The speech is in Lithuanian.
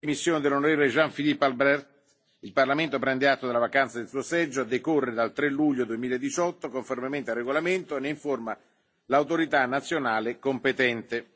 dimissioni dell'on. jean philippe albrecht il parlamento prende atto della vacanza del suo seggio a decorrere dal tre luglio duemiladiciotto conformemente al regolamento e ne informa l'autorità nazionale competente.